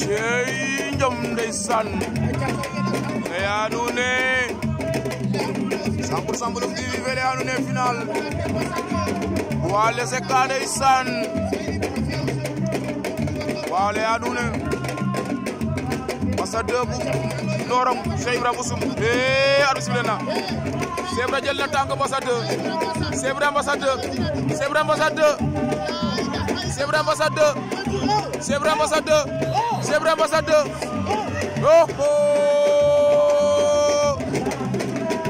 cey jom ne yaadune sangur sambulum tv fele final waale se ka ndeysaan waale yaadune masa debu norong cey e adu siblena sebra jël na tànk masa de sebra masa de sebra masa Cheikh Ibrahima Bass 2 Cheikh Ibrahima Bass 2 Cheikh Ibrahima Bass 2 oh oh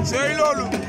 sey loolu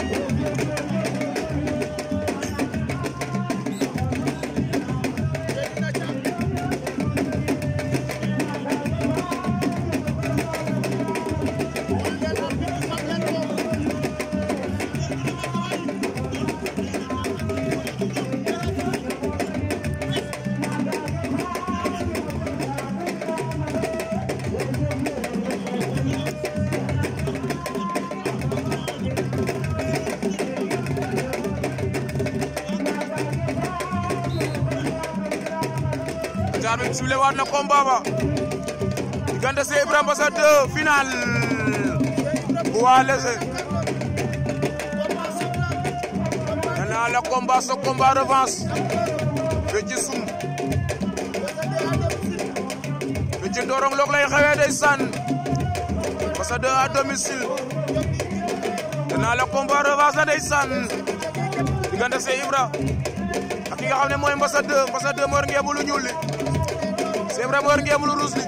Lamine Souley waat na combat ba diggante Cheikh Ibrahima Basse 2 final waa lese danaa la combat sa combat revanche fe ci sum fe ci ndorong loog lay xewee ndeysaan Basse 2 à domicile danaa la combat revanche la ndeysaan diggante Cheikh Ibra ak ki nga ne mooy Basse 2 Basse 2 moo ngeemu li Cheikh Ibrahima war ngeen amul ruus li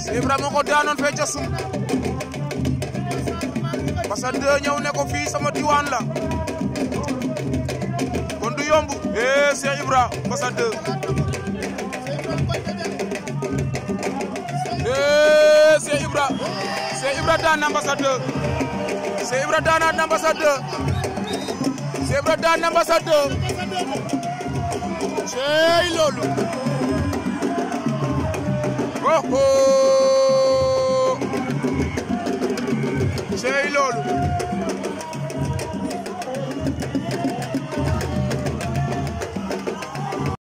Cheikh Ibrahima ko daanoon fee ca sum Fassane 2 ñëw ne ko fii sama diwaan la kon du yomb eh Cheikh Ibra Fassane 2 eh Cheikh Ibra Cheikh Ibra na Fassane 2 Cheikh daanaat na Fassane 2 loolu sey loolu